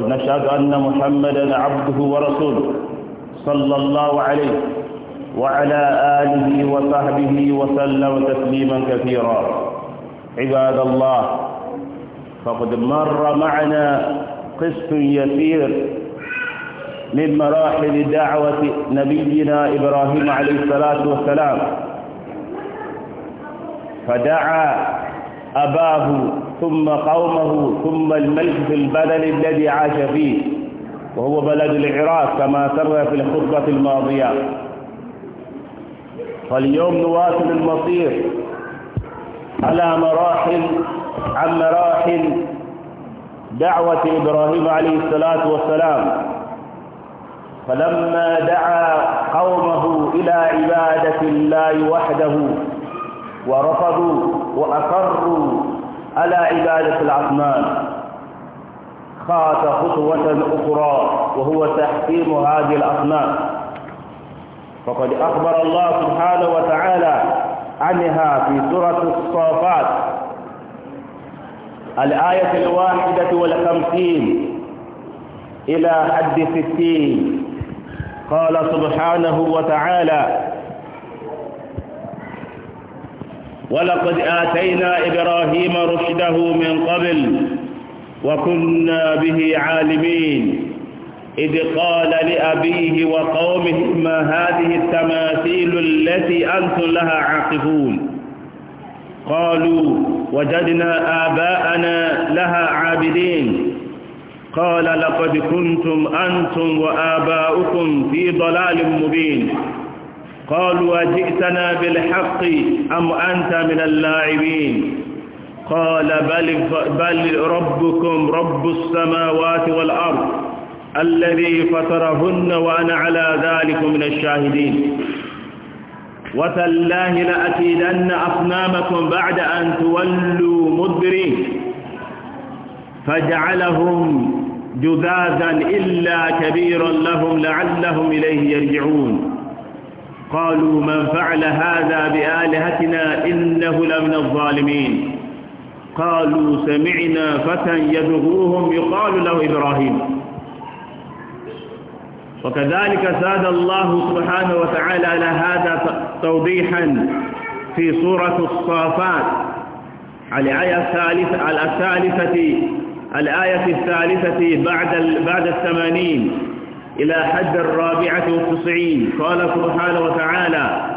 ونشهد أن محمدا عبده ورسوله صلى الله عليه وعلى آله وصحبه وسلم تسليما كثيرا عباد الله فقد مر معنا قسط يسير من مراحل دعوة نبينا إبراهيم عليه الصلاة والسلام فدعا أباه ثم قومه ثم الملك في البلد الذي عاش فيه وهو بلد العراق كما سر في الخطبة الماضية فاليوم نواصل المصير على مراحل عن مراحل دعوة إبراهيم عليه الصلاة والسلام فلما دعا قومه إلى عبادة الله وحده ورفضوا وأصروا على عبادة الأصنام خاط خطوة أخرى وهو تحكيم هذه الأصنام فقد أخبر الله سبحانه وتعالى عنها في سورة الصافات الآية الواحدة والخمسين إلى حد ستين قال سبحانه وتعالى ولقد آتينا إبراهيم رشده من قبل وكنا به عالمين إذ قال لأبيه وقومه ما هذه التماثيل التي أنتم لها عاقفون قالوا وجدنا آباءنا لها عابدين قال لقد كنتم أنتم وآباؤكم في ضلال مبين قالوا أجئتنا بالحق أم أنت من اللاعبين قال بل, بل ربكم رب السماوات والأرض الذي فطرهن وأنا على ذلك من الشاهدين وتالله لأكيدن أصنامكم بعد أن تولوا مدبرين فجعلهم جذاذا إلا كبيرا لهم لعلهم إليه يرجعون قالوا من فعل هذا بآلهتنا إنه لمن الظالمين قالوا سمعنا فتى يدعوهم يقال له إبراهيم وكذلك زاد الله سبحانه وتعالى على هذا توضيحا في سورة الصافات الآية الثالثة الآية الثالثة الآية الثالثة بعد بعد الثمانين إلى حد الرابعة والتسعين قال سبحانه وتعالى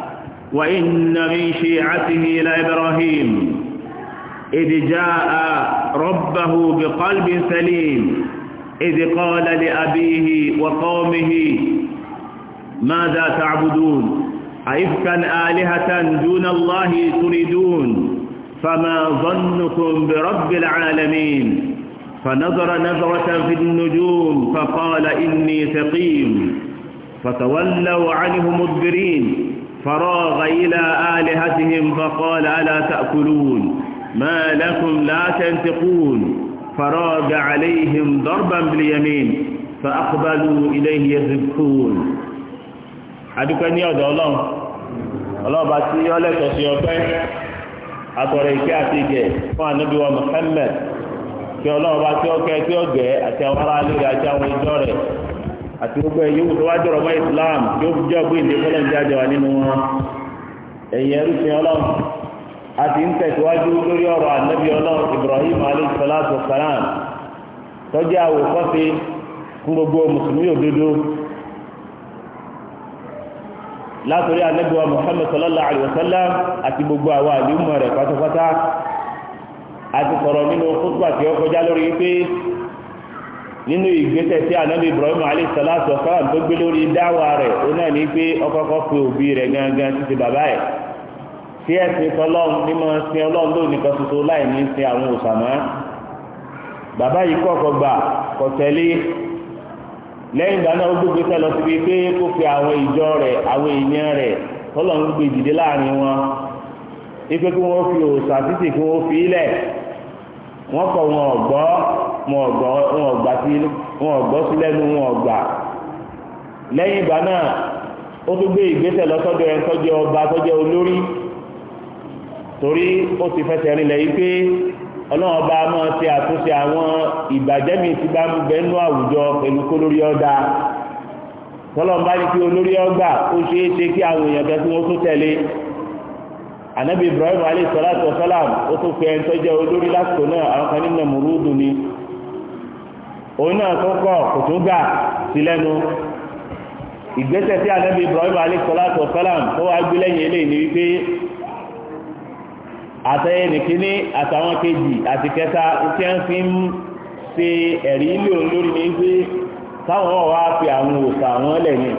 وإن من شيعته لإبراهيم إذ جاء ربه بقلب سليم إذ قال لأبيه وقومه ماذا تعبدون أئفكا آلهة دون الله تريدون فما ظنكم برب العالمين فنظر نظرة في النجوم فقال إني سقيم فتولوا عنه مدبرين فراغ إلى آلهتهم فقال ألا تأكلون ما لكم لا تنتقون فراغ عليهم ضربا باليمين فأقبلوا إليه يذبحون أدوكني يا الله الله باتي يا لك يا أتوريكي فأنا بوا محمد kí ọlọ́run bá tí ó kẹ́ tí ó gẹ̀ àti àwọn ará líle àti àwọn ìjọ rẹ̀ àti gbogbo ẹ̀yẹ wò tó wá jọ̀rọ̀ Islam yóò fi jọ́ pé ìdè fọlọ́n jáde wà nínú wọn ẹ̀yẹ rúfin ọlọ́run a ti ń tẹ̀síwájú lórí ọ̀rọ̀ ànábì ọlọ́run Ibrahim alayhi salatu wa fún gbogbo mùsùlùmí òdodo látòrí Muhammad sallallahu alayhi wa sallam àti gbogbo àwọn àti sọ̀rọ̀ nínú fúdùbà tí ó kọjá lórí wípé nínú ìgbésẹ̀ tí ànábì Ibrahim alayhi salatu tó gbé lórí dáwà rẹ̀ ó náà fi òbí rẹ̀ gangan títí bàbá ẹ̀ tí nìkan tuntun láì ní àwọn bàbá yìí gbà kọ̀ lẹ́yìn ìgbà náà ó lọ síbi pé kó fi àwọn ìjọ rẹ̀ àwọn èèyàn rẹ̀ gbé wọ́n kọ̀ wọn ọ̀gbọ́ wọn ọ̀gbọ́ wọn ọ̀gbà sí wọn ọ̀gbọ́ sí lẹ́nu wọn ọ̀gbà lẹ́yìn ìgbà náà ó tún gbé ìgbésẹ̀ lọ sọ́dọ̀ ẹ̀ sọ́jọ́ ọba sọ́jọ́ olórí torí ó ti fẹsẹ̀ rinlẹ̀ yìí pé ọlọ́run ọba máa ṣe àtúnṣe àwọn ìbàjẹ́ mi ti bá ń bẹnu àwùjọ pẹ̀lú lórí ọ̀dà tọ́lọ́mbá kí olórí ọgbà ó ṣeé ṣe kí àwọn èèyàn gẹ́gẹ́ tí tẹ̀lé anabi ibrahim alayhi salatu wa salam ó tún pe ẹni tó jẹ́ olórí lásìkò náà àwọn kan nínú mùrúdù ni òun náà tó kọ̀ kò sí lẹ́nu ìgbésẹ̀ tí anabi ibrahim alayhi salatu wa salam tó wá gbé lẹ́yìn eléyìí ni wípé àtẹ̀yẹ nìkíní àtàwọn kejì àti kẹta tí wọ́n fi ń ṣe ẹ̀rí ilé òun lórí ni wípé táwọn wà wá fi àwọn òòṣà àwọn lẹ́yìn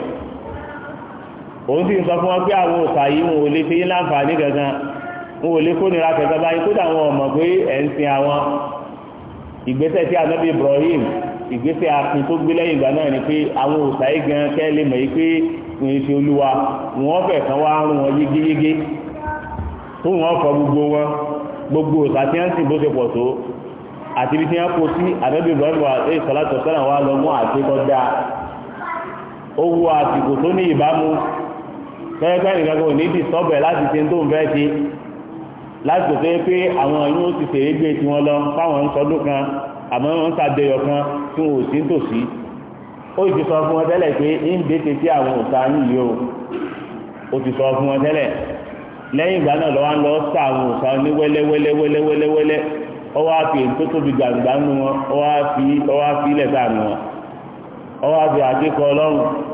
òun sì ń sọ fún wọn pé àwọn òòsà yìí wọn ò lè fi yín láǹfààní gangan wọn ò lè kónira kankan báyìí kódà wọn ò mọ̀ pé ẹ̀ ń sin àwọn ìgbésẹ̀ tí anábì Ibrahim ìgbésẹ̀ akin tó gbé lẹ́yìn ìgbà náà ni pé àwọn òòsà yìí gan kẹ́ lè mọ̀ yìí pé wọn èsì olúwa wọn fẹ̀ kan wá rún wọn yégéyégé tó wọn fọ gbogbo wọn gbogbo òòsà tí wọn sì bó ṣe pọ̀ tó àti ibi tí wọn kó sí anábì Ibrahim wa ẹ̀ sọ́lá tọ̀sọ́lá wa lọ mú àti kọjá owó àsìkò tó ní ìbámu tẹ́lẹ̀pẹ́ ìgbàgbọ́ ní sọ́bẹ̀ láti ṣe tó ń fẹ́ ṣe láti kò pé àwọn ti ṣeré gbé tí wọ́n lọ fáwọn ń kan àmọ́ wọ́n sàdéyọ kan tí wọ́n O sí tòsí ó ti sọ fún wọn tẹ́lẹ̀ pé ń dètè sí àwọn òta yìí o ti sọ fún wọn tẹ́lẹ̀ lẹ́yìn ìgbà náà lọ́wọ́ ń lọ àwọn òta ní wẹ́lẹ́wẹ́lẹ́wẹ́lẹ́wẹ́lẹ́ ó wá fi èyí tó tóbi gbàgbà wọn ó wá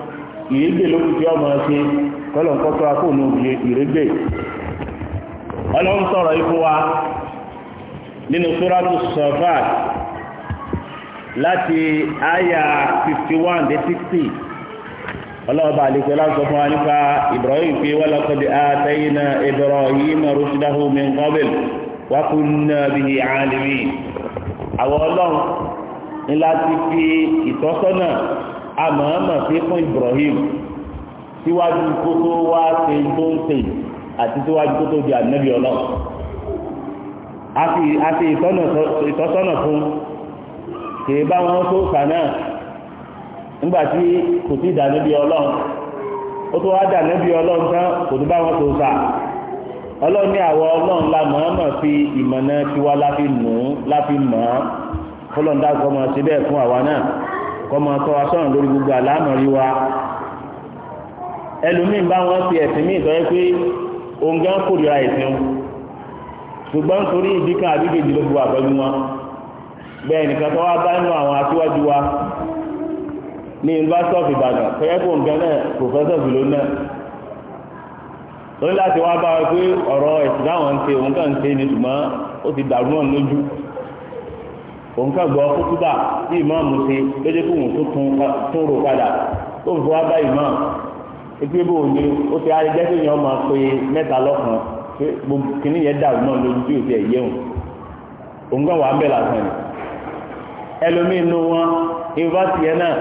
ìrégbè ló kù tí ọmọ ṣe kọ́lọ̀ kọ́tọ́ akóònù ìrégbè ọlọ́run sọ̀rọ̀ ikú wa nínú sóràtù sọ̀fàt láti àyà 51 dé 60 ọlọ́ọ̀bà àlèkò láti fún wa nípa Ibrahim pé wọ́n lọ́kọ́ di àtẹ́yìnà Ibrahim rushdahu min qabl wa kunna bihi alimin àwọn ọlọ́run ni láti fi ìtọ́sọ́nà àmọ́ọ́mọ́ sí fún Ibrahim síwájú kó tó wá ṣe tó ń ṣe àti síwájú kó tó di ànábì ọlọ́run a fi ìtọ́sọ́nà fún kìí bá wọn tó kà náà nígbà tí kò sí ìdànábì ọlọ́run ó tó wá dànábì ọlọ́run tán kò tó bá wọn tó kà ọlọ́run ní àwọ ọlọ́run la mọ̀ọ́mọ̀ fi ìmọ̀nà tiwa láfi nù láfi mọ̀ ọ́ fọlọ́ndà kọ́ mọ̀ síbẹ̀ fún àwa náà kọ́mọ tọ́ wa sọ̀rọ̀ lórí gbogbo àlámọ̀rí wa ẹlòmíín bá wọn fi ẹ̀sìn míì sọ pé òun gan kórìíra ẹ̀sìn o ṣùgbọ́n torí ìdí kan àbí kejì ló bu àpẹẹrẹ wọn bẹ́ẹ̀ nìkan tó wá bá nínú àwọn aṣíwájú wa ní University of Ibadan fẹ́ẹ́ kó nǹkan náà professor bilo náà lórí láti wá bá wa pé ọ̀rọ̀ ẹ̀sìn táwọn ń ṣe òun kàn ń ṣe ni ṣùgbọ́n ó ti dàrú náà lójú òǹkà gbọ́ kútúbà ní ìmáàmù ṣe lójú kóhùn tó tún rò padà tó ń fọwọ́ bá ìmáàmù ẹgbẹ́ bò ní ó ti ayé jẹ́ kéèyàn máa pe mẹ́ta lọ́kàn pé gbogbo kìíní yẹn dàrú náà lójú tí ò ti ẹ̀yẹ òun òǹkà wà á bẹ̀ lásán ni ẹlòmíín nu wọn yunifásitì yẹn náà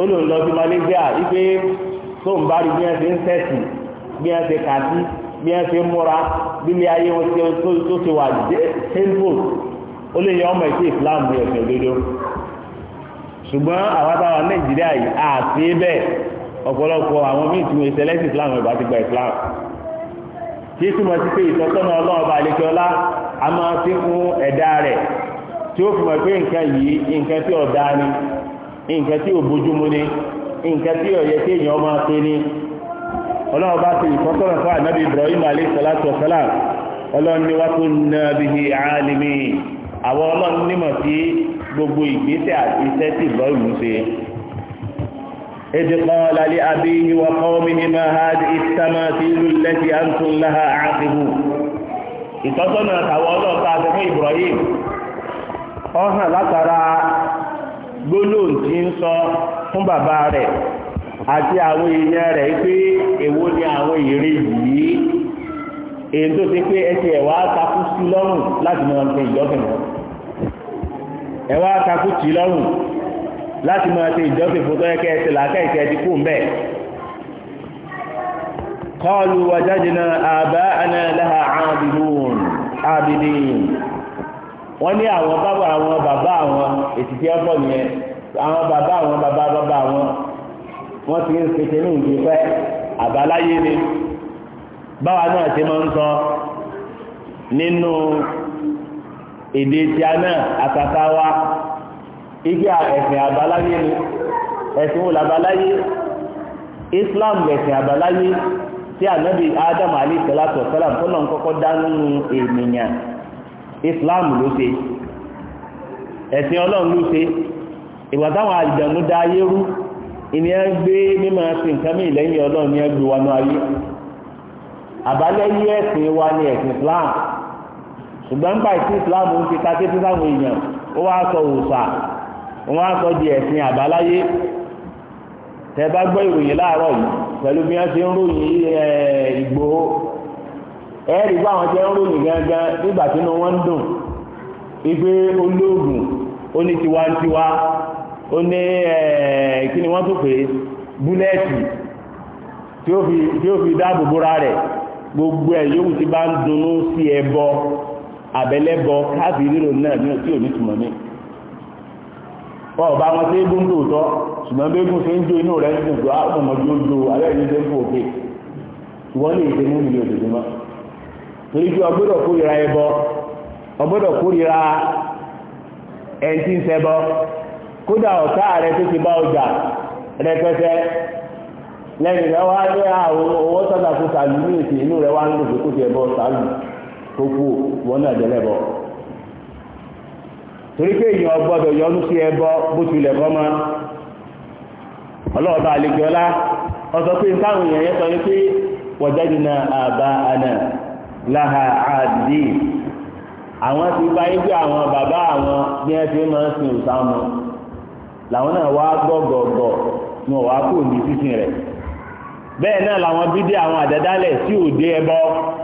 ó lòun lọ sí Malaysia wípé tó ń bá rí bí wọ́n ṣe ń sẹ̀sìn bí wọ́n ṣe kàtí bí wọ́n ṣe múra bí ilé ayé wọn tó ti wà dé ó lè yọ ọmọ ìṣe islam ní ẹ̀sìn òdodo ṣùgbọ́n àwọn táwọn nàìjíríà yìí àti bẹ́ẹ̀ ọ̀pọ̀lọpọ̀ àwọn míì tí wọ́n ṣe lẹ́sìn islam ìgbà ti gba islam kí túmọ̀ sí pé ìtọ́sọ́nà ọlọ́run bá àlejò ọlá a máa fi fún ẹ̀dá rẹ̀ tí ó fi mọ̀ pé nǹkan yìí nǹkan tí ọ̀dá ni nǹkan tí ò bójúmu ni nǹkan tí ọ̀yẹ tí èèyàn máa ṣe ni ọlọ́run ti ìfọ́sọ́nà fún ànábì ibrahim alayhi salatu wa salam ọlọ́run wàá tún nàbìhì àálìmí àwọn ọlọ́run nímọ̀ sí gbogbo ìgbésẹ̀ àti iṣẹ́ tí ìbọ̀rùn ṣe إذ قال لأبيه وقومه ما هذه التماثيل التي أنتم لها عاقبون ìtọ́sọ́nà àtàwọn ọlọ́ọ̀ta àti fún Ibrahim ọ̀hàn látara gbólóhùn tí ń sọ fún bàbá rẹ̀ àti àwọn èèyàn rẹ̀ pé èwo ni àwọn yìí èyí tó ti pé ẹsẹ̀ wàá takú sí lọ́rùn láti ẹwà wá takú tì í lọ́rùn láti máa ṣe ìjọ́sìn fún tọ́yẹ ti kú mbẹ́ kọ́ọ̀lù wàjájìnà àbá àná láha àbìdún wọ́n ní àwọn bàbá àwọn bàbá àwọn ètìtì ẹ̀fọ́ nìyẹn àwọn bàbá àwọn bàbá bàbá àwọn wọ́n ti ni báwa èdè a náà àtàtà wa igi ẹ̀sìn àbáláyé ni ẹ̀sìn Islam ẹ̀sìn àbáláyé tí ànábì Adam alayhi salatu salam tó náà kọ́kọ́ Islam ló ṣe ẹ̀sìn ọlọ́run ló ṣe ìwà táwọn dá ayé rú ìníyàn gbé mímọ̀ sí nǹkan mí ọlọ́run Islam ṣùgbọ́n nípa ìsí ìsìláàmù ń fi takété sáwọn èèyàn ó wá sọ òòṣà wọ́n á sọ di ẹ̀sìn àbáláyé tẹ́ bá gbọ́ ìròyìn láàárọ̀ yìí pẹ̀lú bí wọ́n ti ń ròyìn Ìgbòho ẹ̀ẹ́dì bá wọn ti ń ròyìn gangan nígbà tí inú wọn ń dùn wípé olóògùn ó ní tiwantiwa ó ní kí ni wọ́n tó pè é búlẹ́ẹ̀tì tí ó fi dáàbò bóra rẹ̀ gbogbo ẹ̀ yóò ti bá ń dunnú sí ẹbọ àbẹ̀lẹ́bọ káàbìrìrò náà ní òtí òní túnmọ̀ mí wọ́n ọba wọn tí égún tó tọ́ ṣùgbọ́n bí égún ṣe ń jó inú rẹ̀ ń dùn tó àpọ̀mọ̀jú ah, ó jó alẹ́rìí ṣe ń fò òkè ṣùgbọ́n lè ṣe mú ìlú òdòdó mọ́ torí bí ọgbọ́dọ̀ kórìíra ẹbọ ọgbọ́dọ̀ kórìíra ẹni tí ń ṣẹbọ kódà ọ̀tá rẹ tó ti bá ọjà rẹpẹtẹ lẹ́yìn rẹ wá ní àwọn owó sọ́dà kó sàlù ní ìsìn inú rẹ wá ń lò pé kó ti tó kú wọn náà jẹ́ lẹ́bọ̀ torí pé sí ẹbọ bó tilẹ̀ kọ́ mọ́ ọlọ́ọ̀bá àlejòọ́lá ọ̀sọ̀ pé táwọn èèyàn yẹn sọ ní pé wọ̀jáde àbá àná láha àdìdì àwọn ti bí àwọn bàbá àwọn bí ti máa ń sin làwọn náà wá gbọ́gbọ̀gbọ̀ bẹ́ẹ̀ náà làwọn àwọn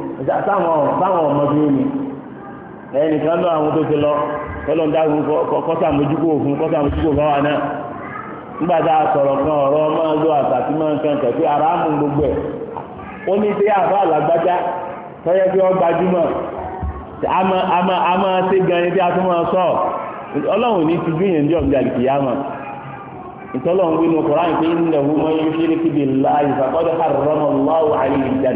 sáwọn ọmọ tó ní ẹnìkan lọ àwọn tó ti lọ tọ́lọ́ ń dáhùn kọ́sà mójúkò òfin kọ́sà náà a sọ̀rọ̀ kan ọ̀rọ̀ máa lọ àtàtì máa ń kan kẹ̀kẹ́ aráàmù gbogbo ẹ̀ ó ní pé àbá àlágbájá tọ́yẹ́ pé ó gbajúmọ̀ a máa ṣe gan ni bí a máa sọ ọlọ́run ní ti gbìyànjú ìtọ́lọ́run gbé pé ń ṣe láàyè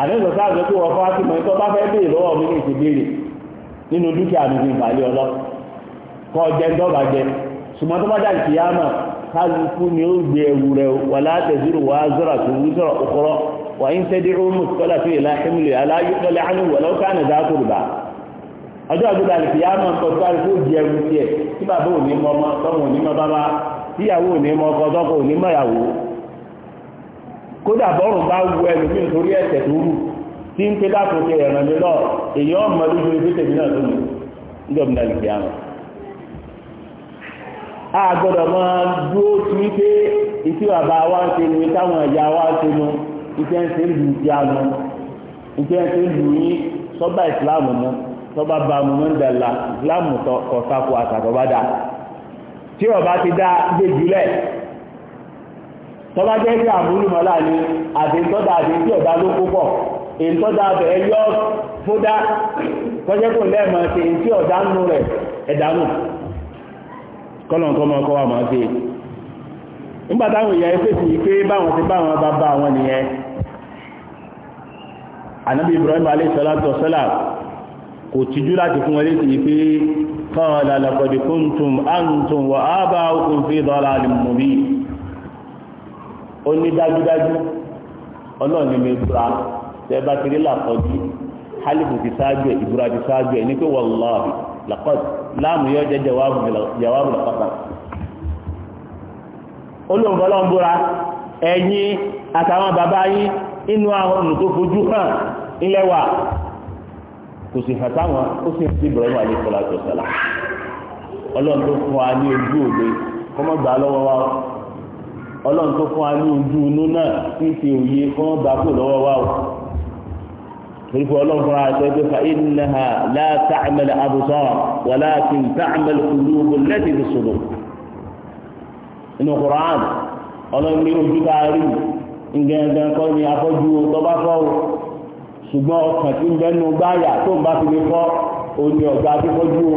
àlẹ́sọ̀ sáàjọ tó wọ́n fáwọn tìmọ̀ ẹ̀tọ́ bá fẹ́ béèrè lọ́wọ́ mi ní ìṣèbéèrè nínú dúkìá mi ìbàlẹ̀ ọlọ́ kọ́ jẹ́ ń ṣùgbọ́n tó bá dà kí á mọ̀ kálukú ni ó gbé ẹwù rẹ̀ wà wà tó sọ̀rọ̀ wà ń tẹ́dí kọ́lá kódà bọ́rùn bá wu ẹlòmíì torí ẹ̀ṣẹ̀ tó wù tí ń pé dákun ti ẹ̀ràn mi lọ èyí ọmọ lójú ibi tèmi náà tó mú níjọba náà lùgbé a gbọ́dọ̀ máa dúró sí wípé ìtí bàbá wa ń ṣe nu táwọn ẹ̀yà wa ń ṣe nu ìtẹ́ ń ṣe lù ti àná ìtẹ́ ń ṣe lù yín sọ́ba ìsìláàmù mọ́ sọ́ba bá mu mọ́ ń dàlà ìsìláàmù kọ̀ọ̀kan kó àtàkọ́ tọ́ba jẹ́ sí àmúlùmọ́lá ni àdéńtọ́dà àdéńtí ọ̀dá ló kó pọ̀ èńtọ́dà bẹ̀ẹ́ yọ fódá kọjẹ́ kò lẹ́ẹ̀mọ̀ sí èyí tí ọ̀dá ń nú rẹ̀ ẹ̀dánù kọ́lọ̀nkọ́mọ ọkọ̀ wà máa ṣe nígbàtàwọn èèyàn fèsì pé báwọn ti báwọn bá bá wọn nìyẹn anábì Ibrahim aleyhisalatu sọ́là kò tijú láti fún wọn létí pé qala laqad kuntum antum wa aba'ukum fi dalalin mubin ó ní dájúdájú ọlọ́run ni mi búra tẹ́ bá kiri làkọ́jú hálìfù ti sáájú ẹ̀ ìbúra ti sáájú ẹ̀ ní pé wàlláhi làkọ́jú láàmú yóò jẹ́ jawabu làkọ́jú olóńgbọ́lọ́ ń àtàwọn bàbá yín inú àwọn ọ̀nà fojú wa kò sì hàn sáwọn ó sì ń sí Ibrahim alayhi ọlọ́run ọlọ́run tó fún wa ní ojú inú náà tí ń fi òye kọ́ gbà kó lọ́wọ́ wa o torípé ọlọ́run fúnra rẹ̀ sọ pé fa innaha la ta'mal absar walakin ta'mal qulub allati fi sudur inú Qur'an ọlọ́run ní ojú bá rí ngẹ̀ngẹ̀ kọ́ ni afọ́jú tó bá fọ́ o ṣùgbọ́n ọkàn tí ń bẹ́nu gbáyà tó ń bá fi lè fọ́ òní ọ̀gá tó fọ́jú o.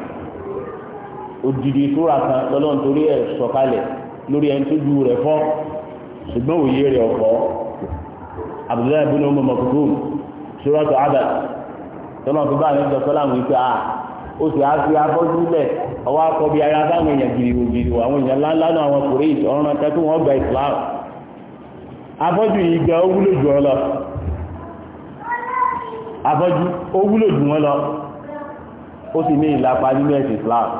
odidi ìtura kan lọ́lọ́run torí ẹ̀ sọ̀kalẹ̀ lórí ẹni tó ju rẹ̀ fọ́ ṣùgbọ́n òye rẹ̀ ọ̀fọ́ abdullahi bin umar makutum suratu abad tọ́lọ́run tó bá àmì ìjọ sọ́lá àwọn ìpè à ah, ó sì á fi afọ́jú lẹ̀ ọwọ́ akọ bí ara sáwọn èèyàn gìrìwò gìrìwò àwọn èèyàn ńláńlá wúlò jù wọn lọ ó sì ní ìlàpá nínú ẹ̀sìn ìsìláàmù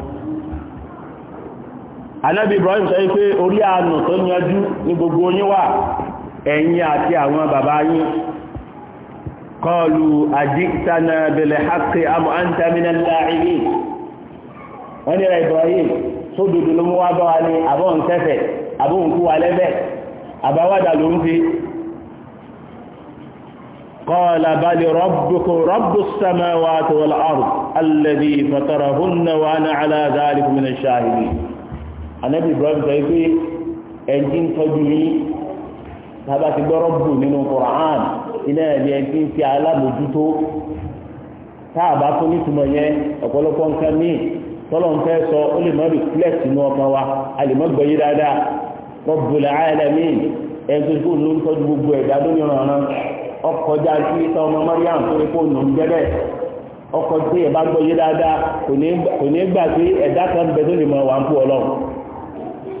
anábì Ibrahim sọ pé orí àánú tó yanjú ní gbogbo yín wà ẹ̀yin àti àwọn bàbá yín kọlu àjíkítánà bẹ̀lẹ̀ hàkì àmọ́ àǹtàmínà láàrin wọ́n ní ra Ibrahim tó dòdò ló mú wá bá wa ní àbọ̀n tẹ́fẹ̀ àbọ̀n kú wa lẹ́fẹ̀ àbáwádà ló ń fi قال بل ربكم رب السماوات والأرض الذي فطرهن وأنا على ذلك من الشاهدين anabi ibrahim sọ pé ẹjí ń tọ́jú yín tábà ti gbọ́rọ̀ bù nínú quran iná ẹ̀dí ẹjí ń fi alábòjútó tá a bá tó nítumọ̀ yẹn ọ̀pọ̀lọpọ̀ nǹkan míì tọ́lọ̀ ń fẹ́ sọ ó lè má reflect nínú ọkàn wa a lè má gbọ́ yí dáadáa Rabbul alamin ẹ̀sùn tó ló ń tọ́jú gbogbo ẹ̀dá lónìí ọ̀ràn ọkọjá sí ìtọ́ ọmọ Mariam tó ní fóònù ń jẹ́bẹ̀ ọkọ̀ tí ẹ̀ bá gbọ́ yé dáadáa kò ní gbà pé ẹ̀dá kan bẹ tó lè mọ wà ń kú ọlọ́run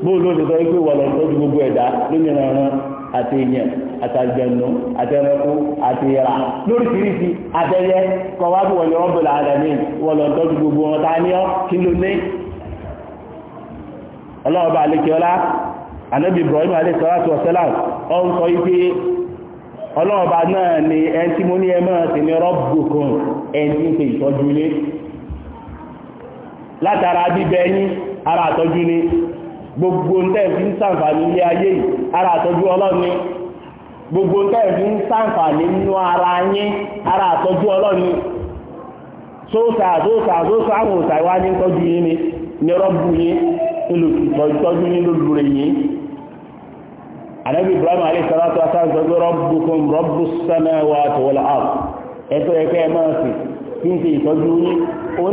bó ló ti sọ pé wọlé tó ju gbogbo ẹ̀dá lómìnira ẹran àti èèyàn àtàjẹnu àtẹnukú àti ìra lóríṣiríṣi àtẹyẹ kọwábù wọlé wọn bọlá àdàmì wọlé tó ju gbogbo wọn ta ni ọ kí ló ní. ọlọ́ọ̀bà àlekèọ́lá anábì Ibrahim alẹ́sọ̀rọ̀ ọ̀sẹ́là ọ̀ ń sọ ike ọlọ́ọ̀bà náà ni ẹn tí mo ní ẹ máa sì ní rọ́bùkún ẹn tí ń ṣe ìtọ́jú ilé látara bíbẹ yín ara àtọ́jú ni gbogbo ntẹ́ẹ̀fì ń sàǹfààní ilé ayé yìí ara àtọ́jú ọlọ́ni gbogbo ntẹ́ẹ̀fì ń sàǹfààní nínú ara yín ara àtọ́jú ọlọ́ni sóòsà sóòsà sóòsà àwọn òsà ìwá ní tọ́jú yín ni ní rọ́bù yín yín yín ibrahim ẹ̀tọ́ ṣe ìtọ́jú yín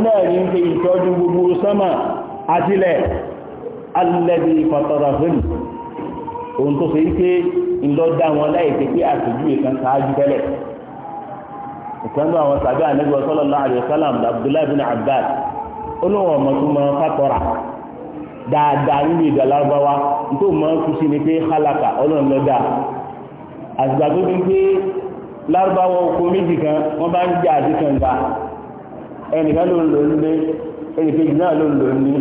náà ní ń ṣe ìtọ́jú gbogbo alẹ́bí fatọ́ra fẹ́lú ohun tó ṣe wípé ńlọ́dá wọn láì ṣe pé àṣojú ìkan ṣáájú tẹ́lẹ̀ ìkànnì àwọn sàbẹ́ ànábì sallallahu alaihi wasallam abdullahi bin abbas olóhùn ọmọ tó máa fatọ́ra dáadáa nínú ìdá lárúbáwá tó máa ń fi ṣe ni pé hálàkà ọlọ́run lọ́dà àtìgbà tó ti pé lárúbáwá oko méjì kan wọ́n bá ń jà àdìkan gbà ẹnìkan ló ń lò ní ẹnìkejì náà ló ń lò ní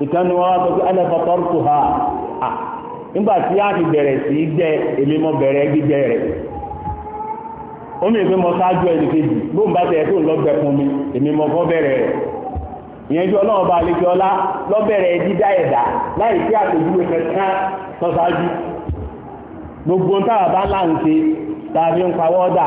ìkànnì wọn wá sọ ha à tí a ti bẹ̀rẹ̀ sí í jẹ èmi mo bẹ̀rẹ̀ gbígbẹ rẹ̀ ó mi pé kejì bá tẹ̀ tó lọ fún mi èmi bẹ̀rẹ̀ rẹ̀ ìyẹn bá ọlá lọ́bẹ̀rẹ̀ dídá ẹ̀dá láì sí kankan gbogbo táwa bá ṣe tàbí ń pawọ́ dà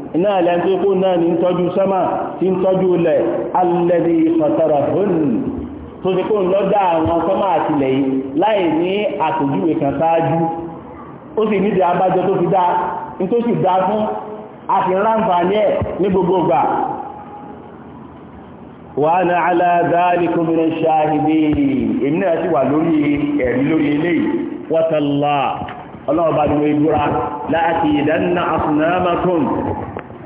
iná àlẹ́ntí kó náà ní tọ́jú sẹ́mà tí ń tọ́jú ilẹ̀ alẹ́dí ìfọ̀tọ̀rọ̀ hún tó ti kó ń lọ́dá àwọn sẹ́mà àtìlẹ̀ yìí láì ní àtòjúwe kan sáájú ó sì nídìí abájọ tó fi dá ní tó sì dá fún àti ránfààní ẹ̀ ní gbogbo gbà wà ní aláàdáàlì kòmìnà ṣáàhìdì èmi náà sì wà lórí ẹ̀rí lórí eléyìí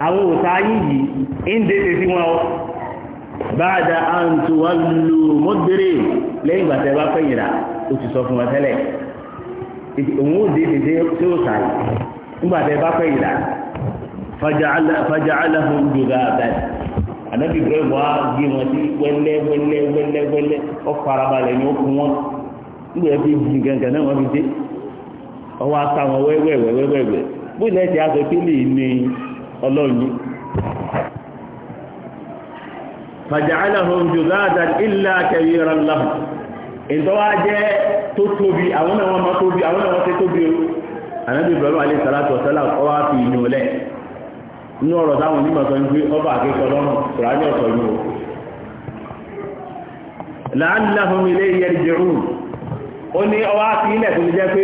àwọn òta yìí ń dédé sí wọn ọ, báadà àǹtò wà lù mọ́dérè lẹ́yìn bá ó ti sọ fún wọn tẹ́lẹ̀ òun ó dédé tí ó sàlẹ̀ nígbà bá bẹ́ẹ̀ wá gé wọn sí wẹ́lẹ́ wẹ́lẹ́ wẹ́lẹ́ wẹ́lẹ́ farabalẹ̀ ni ó fi jìn náà wọ́n fi dé ọwọ́ àtàwọn bó ọlọ́run ní fàjàálàhùn jùzáàdà ilá kẹwìrà láhùn ìtọ́wà jẹ́ tó tóbi àwọn ẹ̀wọ̀n ma tóbi àwọn ẹ̀wọ̀n tẹ́ tóbi o ànábì Ibrahim alẹ́ sàlátọ̀ sẹ́là ọwá fi ìyìn olẹ́ inú ọ̀rọ̀ táwọn onímọ̀ sọ ní pé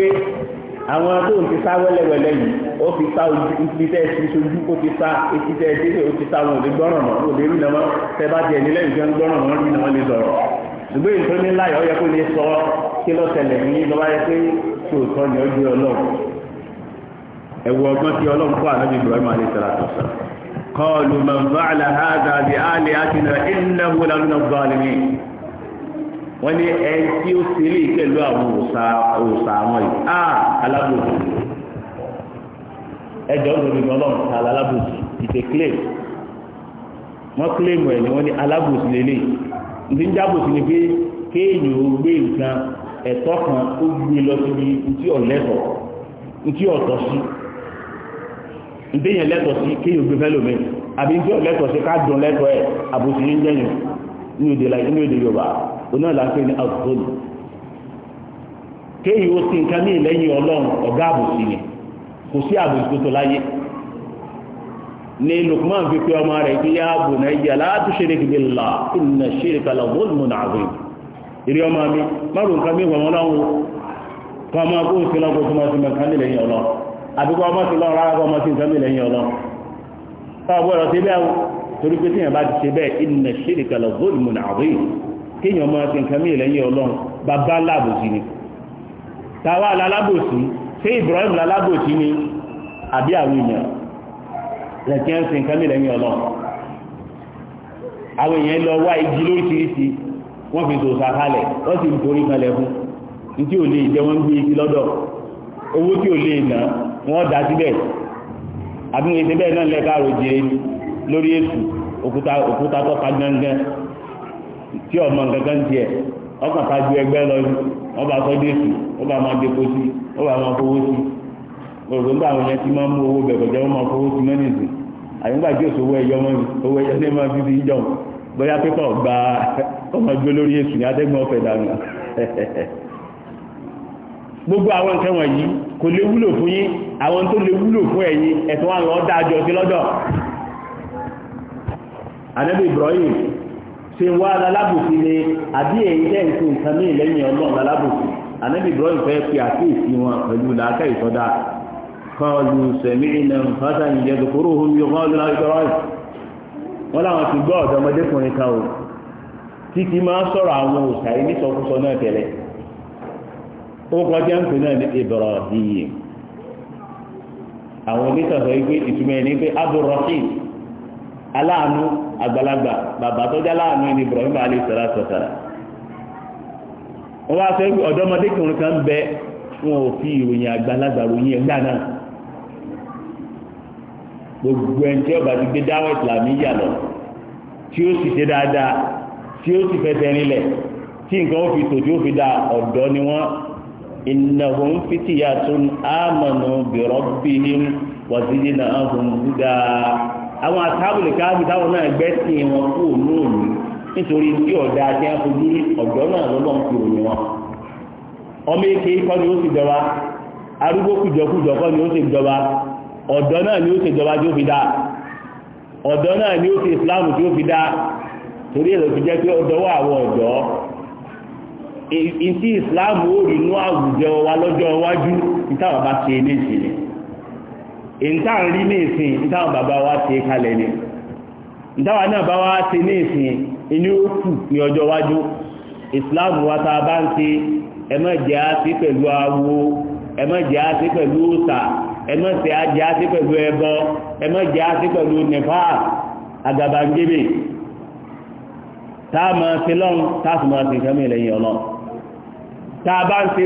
àwọn tó ń ti sá wẹ́lẹ́wẹ́lẹ́ yìí ó fi sá ibi tẹ́ ẹ ti sojú ó ti sá etí tẹ́ ẹ ti ó ti sá wọn ò lè gbọ́ràn mọ́ ò lè rí nàmọ́ tẹ́ bá tiẹ̀ nílẹ̀ ìjọ ń gbọ́ràn mọ́ rí nàmọ́ lè sọ̀rọ̀ ṣùgbọ́n èyí ní láyọ̀ ó yẹ kó lè sọ kí ló ṣẹlẹ̀ ní lọ́wọ́ yẹ pé kí ò tọ́ ni ó gbé ọlọ́run ẹ̀wọ̀ ọgbọ́n tí ọlọ́run kó àná Ibrahim alayhi salatu wassalam qalu man fa'ala hadha wọ́n ní ẹni tí ó ṣe lè pẹ̀lú àwọn òòṣà òòṣà àwọn yìí á alábòsí ẹjọ́ lórí ọlọ́run ta alábòsí ìṣe claim wọ́n claim ẹ̀ ni wọ́n ní alábòsí lélẹ̀ ní jábòsí ni pé kéèyàn ó gbé nǹkan ẹ̀tọ́ kan ó gbé lọ síbi tí ọ̀lẹ́tọ̀ tí ọ̀tọ̀ sí ìdíyàn lẹ́tọ̀ sí kéèyàn gbé fẹ́lò mi àbí tí ọ̀lẹ́tọ̀ sí ká dùn lẹ́tọ̀ ẹ̀ àbòsí ní jẹ́yìn ní òde oní àlàáfíà ní azọ́lù kéyìí ó sì nǹkan ní ìlẹ́yìn ọlọ́run ọ̀gá àbòsí ni kò sí àbòsí tó láyé ní Lukman fi pé ọmọ rẹ̀ ìpínlẹ̀ ààbò náà yẹ aláàtúnṣeréki bí là ìnà náà rẹ̀ ìrí ọmọ mi márùn nǹkan mi wọ̀n kọ́ ọmọ sí lọ́kọ́ tó máa ti mẹ́kan ní ọmọ sí rárá kọ́ ọmọ sí nǹkan ní sí bẹ́ẹ̀ torí pé kéèyàn máa ti nǹkan mìíràn ọlọ́run bàbá lábòsí ni tàwa lálábòsí ṣé Ibrahim lálábòsí ni àbí àwọn èèyàn lẹ́kẹ́ ń sin nǹkan mìíràn ọlọ́run àwọn èèyàn lọ wá igi lóríṣiríṣi wọ́n fi kalẹ̀ wọ́n sì ń torí kalẹ̀ fún ní tí ò lè wọ́n gbé igi lọ́dọ̀ owó tí ò lè nà wọ́n dá síbẹ̀ àbí wọ́n ti bẹ́ẹ̀ náà lórí òkúta gángan tí ọmọ nǹkankan tiẹ̀ ọkàn ká ju ẹgbẹ́ lọ Ọ bá sọ déètì wọ́n bá máa depo sí wọ́n bá máa fowó yẹn ti máa ń mú owó ẹyọ wọn owó ẹyọ ní máa fi ti ń jọun bóyá pépà ọgbà ọmọ gbogbo àwọn nǹkan wọ̀nyí kò lè wúlò fún yín àwọn tó lè wúlò fún ẹ̀yin ṣe wá alábòsí ni àbí èyí tẹ́ ń ṣe nǹkan ní ìlẹ́yìn ọlọ́run alábòsí ànábì Ibrahim fẹ́ pe àkíyèsí wọn pẹ̀lú làákà ìsọdá kọlu sẹ̀mí iná fásitì ìjẹ́dù ọdún ti gbọ́ kan o máa sọ̀rọ̀ àwọn yìí náà tẹ̀lé ó kọjá ń pè náà ní àwọn onítọ̀sọ̀ yìí pé ní pé aláàánú àgbàlagbà bàbá tó já láàánú ẹni Ibrahim alayhi salatu wa salam wọ́n wá sọ pé ọ̀dọ́mọdékùnrin kan bẹ wọn ò fi ìròyìn àgbàlagbà ròyìn ẹ̀gbà náà gbogbo ẹni tí ọba ti gbé dáwọ̀ ìsìlámì yà lọ tí ó sì ṣe dáadáa tí ó sì fẹ́ tẹrin tí nǹkan ó fi tò ó fi da ọ̀dọ́ ni wọ́n innahum fityatun amanu bi rabbihim wa zidnahum huda àwọn àtàbùlì káàbì táwọn náà gbẹ́sìn wọn kú òun òní nítorí tí ọ̀dà tí a ọ̀dọ́ náà lọ́lọ́ fi òyìn wọn ọmọ èké kọ́ ni ó sì jọba arúgbó kùjọkùjọ kọ́ ni ó sì jọba ọ̀dọ́ ni ó sì jọba tí ó fi dá ni ó sì Islam tí ó fi dá torí fi jẹ́ pé ọ̀dọ́ wà àwọn ọ̀dọ́ ìtí Islam ó rí inú àwùjọ wa lọ́jọ́ iwájú ìta ń rí ní ìsìn ìtawọn bàbá wa ṣe kalẹ̀ ni ìtawọn náà bá wa ṣe ní ìsìn inú òkú ní ọjọ́ wájú islam wa ta bá ń ṣe ẹmọ́jẹ́ á sí pẹ̀lú awo ẹmọ́jẹ́ á sí pẹ̀lú òòṣà ẹmọ́jẹ́ á jẹ́ á sí pẹ̀lú ẹbọ ẹmọ́jẹ́ á sí pẹ̀lú nìfà àgàbàǹgébè táàmù sílọ́n sí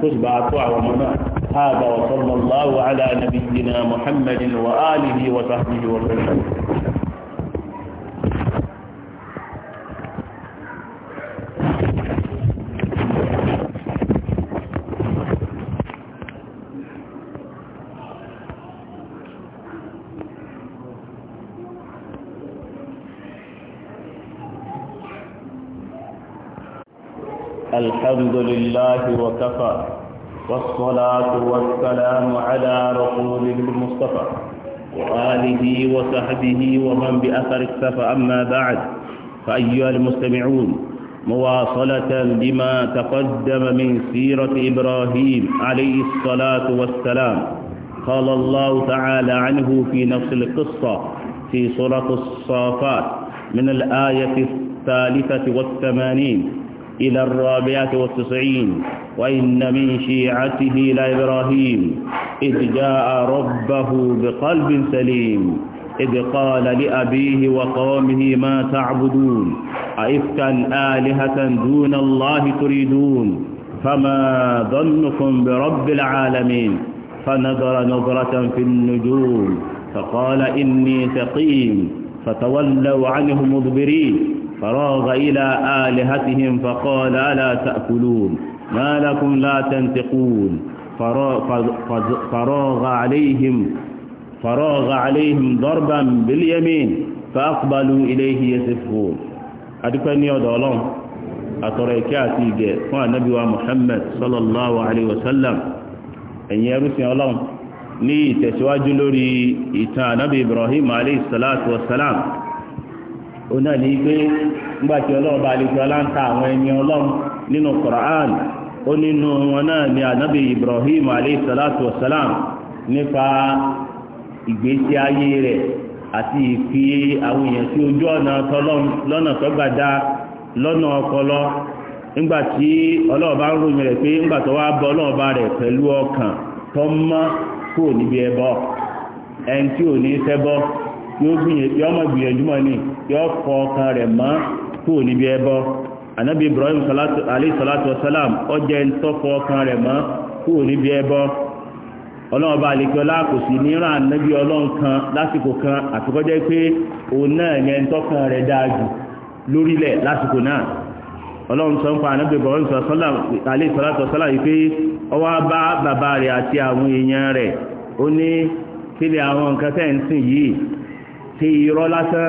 tó sì هذا وصلى الله على نبينا محمد وآله وصحبه وسلم الحمد لله وكفى والصلاة والسلام على رسول المصطفى وآله وصحبه ومن بأثر اكتفى أما بعد فأيها المستمعون مواصلة لما تقدم من سيرة إبراهيم عليه الصلاة والسلام قال الله تعالى عنه في نفس القصة في سورة الصافات من الآية الثالثة والثمانين إلى الرابعة والتسعين وإن من شيعته لإبراهيم إذ جاء ربه بقلب سليم إذ قال لأبيه وقومه ما تعبدون أئفكا آلهة دون الله تريدون فما ظنكم برب العالمين فنظر نظرة في النجوم فقال إني سقيم فتولوا عنه مضبرين فراغ إلى آلهتهم فقال ألا تأكلون ما لكم لا تنتقون فراغ عليهم فراغ عليهم ضربا باليمين فأقبلوا إليه يسفون يا دولان أتريكي أتيجي فالنبي محمد صلى الله عليه وسلم أن يرسي الله ní ìtẹ̀síwájú lórí ìtàn نبي Ibrahim alayhi salatu والسلام òun náà ní pé nígbà tí ọlọ́run bá fi ọlá ń ta àwọn ninu Qur'an ó anabi Ibrahim alayhi salatu wa salam nípa ìgbésí ayé rẹ̀ àti ìfi àwọn èèyàn sí atọ ọ̀nà tọ́lọ́run lọ́nà tó gbàdá lọ́nà ọpọlọ nígbà tí ọlọ́ọ̀bá pe ròyìn rẹ̀ pé yọ fọ ọkàn rẹ̀ mọ́ kúrò níbi ẹbọ anabi ibrahim alayhi salatu wa salam ọjẹ́ ntọ́fọ ọkàn rẹ̀ mọ́ kúrò níbi ẹbọ ọlọ́run bá àlekí ọlá kò sí níran ànábì ọlọ́run kan lásìkò kan àtúkọ́jẹ́ pé òun náà yẹn tọ́kàn rẹ̀ dáa jù lórílẹ̀ lásìkò náà ọlọ́run sọ ń pa ànábì bọ̀rọ̀ sọ́lá àlẹ́ yìí pé ọwọ́ bá bàbá rẹ̀ àti àwọn èèyàn rẹ̀ ó ní kílẹ̀ àwọn nǹkan tẹ́ ń sìn yìí ṣe irọ́ lásán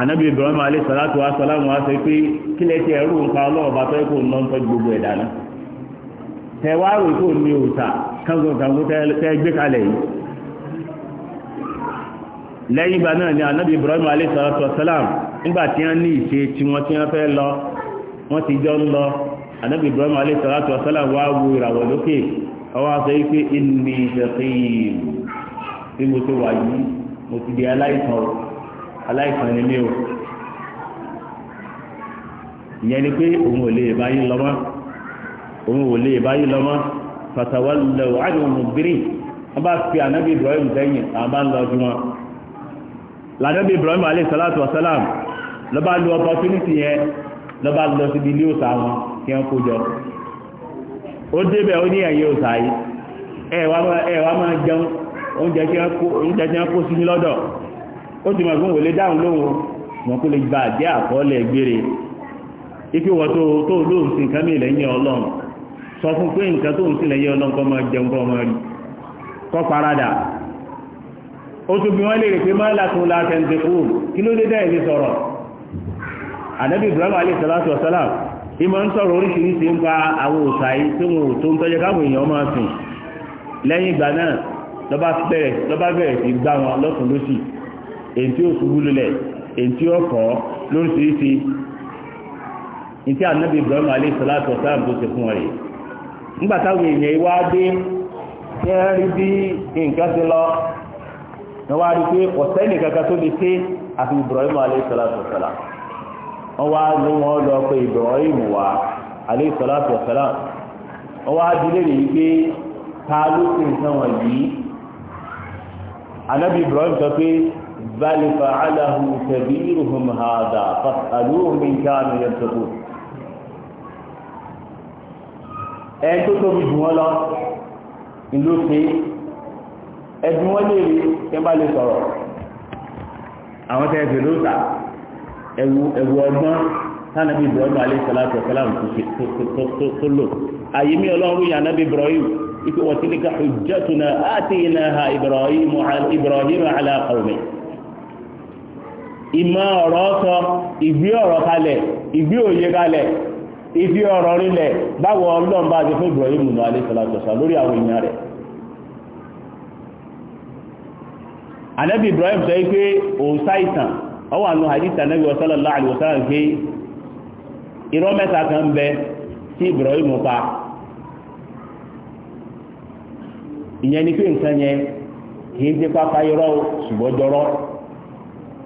anabi ibrahim alayhi salatu wa salam wa sọ pé kílẹ̀ tí ẹrú nǹkan ọlọ́ọ̀bá tó yẹ kó nà ń tọ́jú gbogbo ẹ̀dá náà tẹ wá rò kó ní òòtà kángun kángun tẹ gbé kalẹ̀ yìí lẹ́yìn ìgbà náà ni anabi ibrahim alayhi salatu wa salam nígbà tí wọ́n ní ìṣe tí wọ́n ti fẹ́ lọ wọ́n ti jọ ń lọ anabi ibrahim alayhi salatu wa salam wá wo ìràwọ̀ lókè ọwọ́ sọ pé inni ìṣẹ̀kì ìmùtò wáyé mo ti di aláìsàn aláìsàn ni mí o ìyẹn ni pé òun ò lè báyìí lọ́mọ́ òun ò lè báyìí lọ́mọ́ fàtàwọ́lẹ̀ àdùn mùbírì wọ́n bá fi ànábì Ibrahim sẹ́yìn àwọn bá ń lọ bí wọn lànábì Ibrahim alayhi salatu wa salam ló bá lu opportunity yẹn ló bá lọ síbi ilé òsà wọn kí wọ́n kó jọ ó débẹ̀ ó ní ẹ̀yẹ òsà yìí ẹ̀ wá máa jẹun oúnjẹ tí wọ́n kó sí ní lọ́dọ̀ ó ti mọ̀ fún wòlé dáhùn lóhùn wọn kó lè gba àjẹ́ àkọọ́lẹ̀ gbére ife wọ́n tó tó lóhùn sí nǹkan mi lẹ́yìn ọlọ́run sọ fún pé nǹkan tó sí lẹ́yìn ọlọ́run kọ́ máa jẹun kọ́ máa kọ́ paradà ó tún bí wọ́n lè kí ló dé dá ibrahim salam ìmọ̀ ń sọ̀rọ̀ oríṣiríṣi ń pa àwọn tí wọn ò tó ń tọ́jú káwọn èèyàn máa èyí tí ó ṣubú lulẹ̀ ó kọ́ lóríṣiríṣi ní ànábì Ibrahim alayhi salatu tó ṣe fún wọn rèé nígbà èèyàn wá dé tí rí bí nǹkan ti lọ wọ́n wá rí pé ọ̀sẹ́ nìkankan tó lè Ibrahim wọ́n wá ní Ibrahim wọ́n wá dilé pé ta ló ṣe Ibrahim sọ bal fa'alahu kabiruhum هذا fas'aluhum من كان yattaqun ẹ̀ tó tóbi jù wọ́n lọ ìlú pé ẹ̀dùn wọ́n lè rí kẹ́mbà lè sọ̀rọ̀ àwọn tẹ́ ẹ̀fẹ̀ ló ta ẹ̀wù ọgbọ́n tánàbí Ibrahim aleyhisalatu wasalam tó lò àyèmí ọlọ́run yà nábì Ibrahim Ibrahim ìmọ̀ ọ̀rọ̀ sọ ìgbé ọ̀rọ̀ kalẹ̀ ìgbé òye kalẹ̀ ìfi ọ̀rọ̀ rílẹ̀, báwo ọlọ́run bá ti fún Ibrahim nù lórí àwọn èèyàn rẹ̀ Ibrahim Ibrahim ìyẹn ni pé nǹkan yẹn kì í pápá irọ́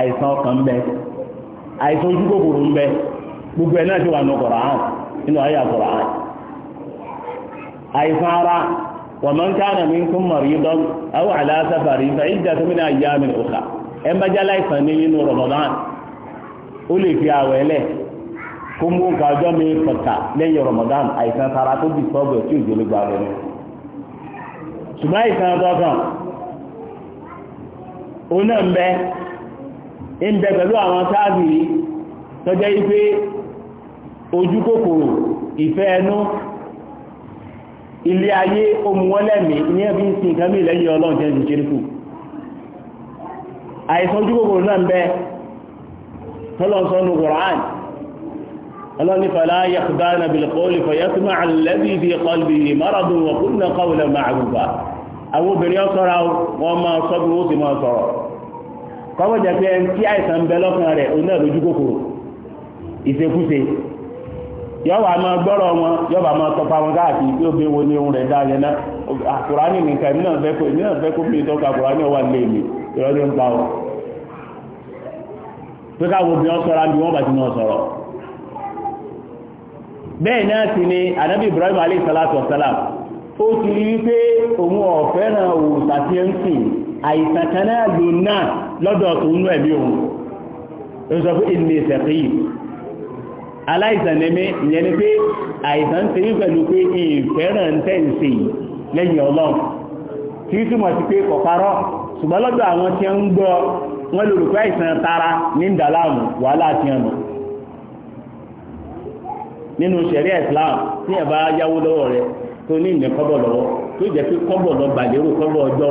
àìsàn ọkàn ń bẹ àìsàn ojú kòkòrò bẹ gbogbo ẹ̀ náà ti wà nù Kùránì nínú ayé Kùránì àìsàn ara ومن كان منكم مريضا أو على سفر فعدة من أيام أخرى ẹn bá jálá ìsànní nínú Ramadan ó lè fi àwẹ̀ lẹ̀ kó mú nǹkan ọjọ́ mi pọ̀tà lẹ́yìn Ramadan àìsàn tara tó di sọ́ọ̀bù tí òjò ló gba ni ṣùgbọ́n àìsàn ó náà ń ń bẹ pẹ̀lú àwọn táàbì tọ́jẹ́ wípé ojú kòkòrò ìfẹ́ ẹnu ilé ayé omuwọ́lẹ́mí ní ẹbí ń sin nǹkan mí lẹ́yìn ọlọ́run jẹ́ ti ṣerífù àìsàn ojú kòkòrò náà ń bẹ tọ́lọ́sọ́nù Qur'an ọlọ́ni fàlá yàkùdánà bilqawli fàyàtùmá alladhi ti máa sọ̀rọ̀ kọ́mọ̀ jẹ́ pé ẹni tí àìsàn ń bẹ lọ́kàn rẹ̀ òun náà lójú kòkòrò ìṣekúṣe yọ́wà máa gbọ́rọ̀ wọn yọ́wà máa tọpa wọn káàkiri tí ó bẹ wo ní ohun rẹ̀ dáadẹ́ náà àkùránì nìkan èmi náà fẹ́ kó èmi náà fẹ́ kó mi tọ́ka àkùránì ọwà lé mi ìrọ́lẹ́ ń pa ọ pé káwọn obìnrin sọ́ra bí wọ́n bá ti náà sọ̀rọ̀ bẹ́ẹ̀ náà sì ni ànábì Ibrahim alayhi salatu wa salam ó ti rí wípé òun ọ̀fẹ́ràn òòsà tí ń sìn àìsàn kan lò náà lọ́dọ̀ tó ń rẹ̀ bí òun ó sọ pé yìí aláìsàn nẹ́mí ìyẹn ni pé àìsàn ṣe yí pẹ̀lú pé ìfẹ́ràn tẹ́ǹsì lẹ́yìn ọlọ́run nínú ṣẹ̀ríà Islam tí ẹ̀ yáwó lọ́wọ́ rẹ̀ tó ní ìní lọ́wọ́ tó jẹ́ pé kọ́bọ̀ lọ gbàlérò kọ́bọ̀ ọjọ́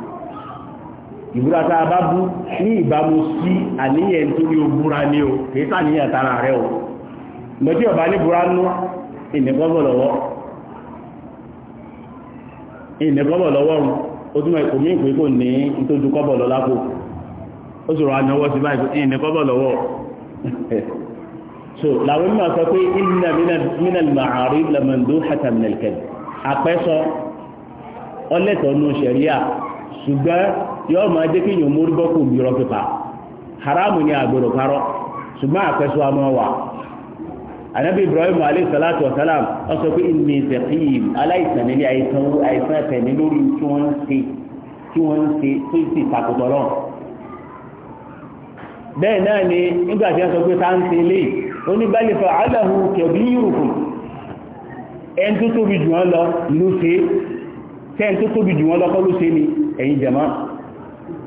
ìbúra tá a bá bú ní ìbámu sí àníyàn torí o búra ní o kìí sàníyàn tara rẹ o lọ́tí ọ̀bá ní búra nú ìnẹ̀kọ́bọ̀ lọ́wọ́ rùn ó túnmọ̀ ìkòmí ìpé kò ní ìtòjú kọ́bọ̀ lọ lápò ó sì rọ anáwọ́ sí báyìí ìnẹ̀kọ́bọ̀ lọ́wọ́ so yóò máa jẹ́ kí èèyàn mórí bọ́kù bí pípa haramu ni àgbèrò parọ́ ṣùgbọ́n àpẹṣọ àmọ́ wà anabi ibrahim alayhi salatu wa salam ọsọ pé aláìsàn nílé àìsàn àìsàn lórí tí ń ṣe tí ń ṣe tó sì bẹ́ẹ̀ náà ni nígbà tí wọ́n sọ pé sáńsì lè ó ní bẹ́ẹ̀ fẹ́ ẹni tó tóbi jù wọ́n lọ ló ṣe tó tóbi jù wọ́n lọ kọ́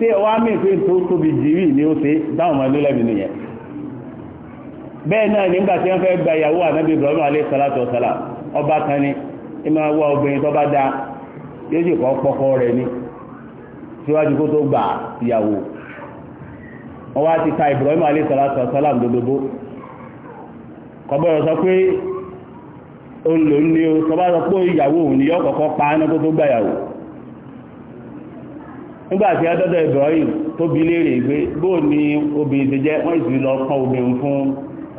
tí wá mí pé tó tóbi jìrì ni ó ṣe dáwọn ọmọ ẹlẹ́bìn nìyẹn bẹ́ẹ̀ náà nígbà tí wọ́n fẹ́ gba ìyàwó ànábì Ibrahim alayhi salatu ọba kan ni ẹ tọba obìnrin tó bá da yóò sì kọ́ ni síwájú kó tó gba ìyàwó wọ́n wá ti ta o sọ bá sọ pé ìyàwó òun ni yọ gba nígbàtí adọ́dọ̀ Ibrahim tó bi léèrè pé bóò ni obìnrin ti jẹ́ wọ́n ìsìn lọ kán obìnrin fún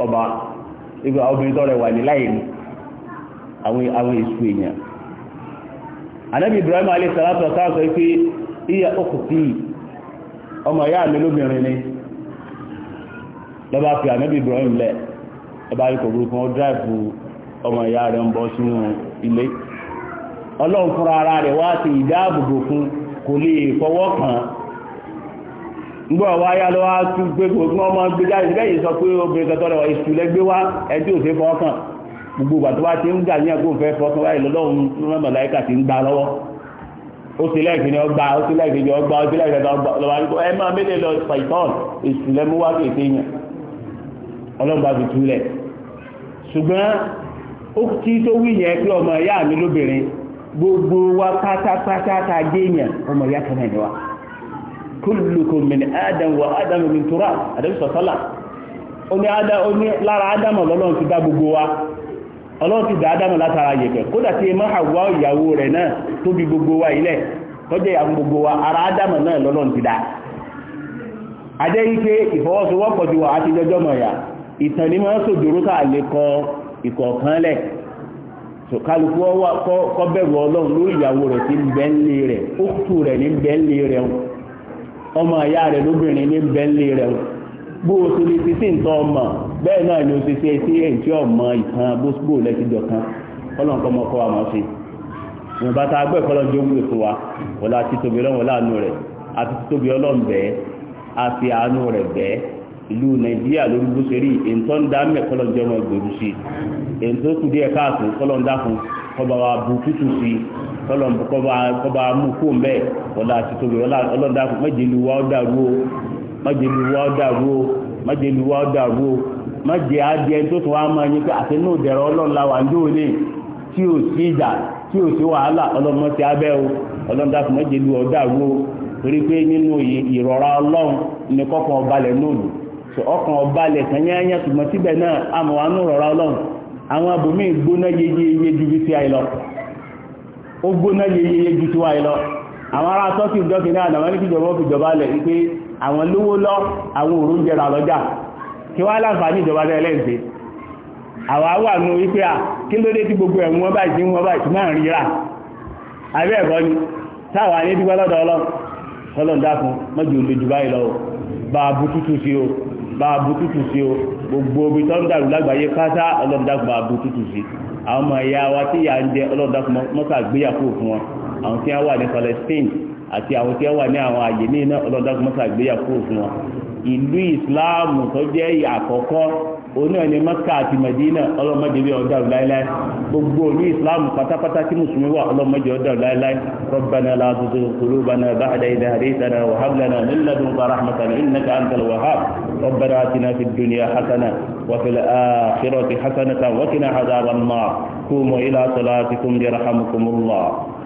ọba ìgbà obìnrin tọrẹ wà ní láì àwọn èṣù èèyàn anábì Ibrahim alayhi salatu wa sallam pé iya ukhti ọmọ ìyá mi lóbìnrin ni lọ́ba fi anábì Ibrahim lẹ̀ ikọ̀ wọn dráìfù ọmọ ìyá rẹ̀ ń bọ́ sínú ilé ọlọ́run fúnra ara rẹ̀ kò lè fọwọ́ kàn ngbọ́ wa yá lọ wá tún gbé gbogbo ọmọ gbé jáde bẹ́ẹ̀ sọ pé obìnrin kan tọ́lọ̀ èsù lẹ́gbẹ́ wá ẹtí ò fẹ́ fọwọ́ kàn gbogbo ìgbà tó bá ti ń gbà ní ẹ̀kọ́ fẹ́ fọwọ́ kàn báyìí lọ́dọ̀ ọ̀hún mọ̀láyíkà ti ń gbà lọ́wọ́ ó ti lẹ́ẹ̀kì ni ọgbà ó ti lẹ́ẹ̀kì ni ọgbà ó ti lẹ́ẹ̀kì ni ọgbà lọ́wọ́ àdúgbò ẹ máa méde lọ python ìsìlẹ̀mú wá sí ètè yẹn ọlọ́gbà fi túlẹ̀ ṣùgbọ́n ó ti tó wí yẹn pé ọmọ ìyá mi lóbìnrin gbogbo wa pátápátá ta ọmọ ìyá kan náà ni min adam wa adam min turab adam sọ̀tọ́là oní lára adam ọlọ́run ti dá gbogbo wa ọlọ́run ti dá adam látara yẹ̀pẹ̀ kódà tí ma Hawa ìyàwó rẹ̀ náà tó gbogbo wa ilẹ̀ tọ́jẹ́ ìyàwó gbogbo ara adam náà lọ́lọ́run ti dá adé ike ìfọwọ́sowọ́pọ̀ ti wà á ti jọjọ́ sọ̀kálukú kọ́ bẹ̀rù ọlọ́run lórí ìyàwó rẹ tí ń bẹ ńlé rẹ ó tù rẹ ní bẹ ńlé ọmọ lóbìnrin o ti lè ti sí nǹkan ọmọ bẹ́ẹ̀ náà ni o ti ṣe sí èyí ọmọ bóṣbó kan ọlọ́run kọ́ mọ́ kọ́ wa sí i wa tóbi rẹ àti tóbi àti àánú rẹ ìlú nàìjíríà lórí bó ṣe rí èntọ́ ń dá mẹ́ kọ́lọ́njẹ́ ọmọ ìgbèrú sí èntó kù díẹ̀ káàtó kọ́lọ́ndá fún kọba wa bu tútù sí kọba mú fóun bẹ́ẹ̀ ọ̀la àti tóbi ọlọ́dá fún májèlú wa ó dàrú o májèlú wa ó dàrú o májèlú wa ó dàrú o májè adìẹ tó tún wá máa yín pé àtẹnú ìdẹ̀rọ ọlọ́la wà ní òní tí ò sí ìjà tí ò sí wàhálà ọlọ́mọ ti abẹ́ o ọlọ́dá fún májèlú wa ó dàrú o torí pé nínú ìrọ̀rá ọlọ́run ní kọ́kàn ọbalẹ̀ nóòlù so ọkàn ọba lẹ̀kan yányá ṣùgbọ́n síbẹ̀ náà amọ̀wánú rọ̀rá ọlọ́run àwọn abòmí gbóná yeyeye ju bí ti àìlọ ó gbóná yeyeye ju ti wá àìlọ àwọn ará tọ́kì ìjọkì náà àwọn ní kíjọba ó fìjọba lẹ̀ wípé àwọn lówó lọ àwọn òru ń jẹrà lọ́jà kí wá láǹfààní ìjọba tẹ́ lẹ́ǹsẹ̀ àwọn awà nù wípé à kí ló dé tí gbogbo báyìí tí bá bú tútù sí o bá bu tútù o gbogbo omi tó ń dàrú lágbàáyé pátá ọlọ́dàkùn bá bu tútù sí àwọn ọmọ ẹ̀yà wa tí yà ń jẹ ọlọ́dàkùn mọ́tà gbéyàwó fún wọn àwọn tí wọ́n wà ní Palestine àti àwọn tí wọ́n wà ní àwọn àyè ní iná ọlọ́dàkùn mọ́tà gbéyàwó fún wọn ìlú ìsìláàmù tó jẹ́ àkọ́kọ́ oní ẹni mẹ́kà àti mẹ́dínà ọlọ́mọdé bí ọ̀dà láíláí gbogbo ní ìsìláàmù pátápátá tí mùsùlùmí wà ọlọ́mọdé ọ̀dà láíláí rọ́bànà látúntò kúlúbànà báàdà ìdáhàrí ìtànà wàhábìlànà nílẹ̀dùn farahmatan innaka antal wahhab ربنا آتنا في الدنيا حسنة وفي الآخرة حسنة وقنا عذاب النار قوموا إلى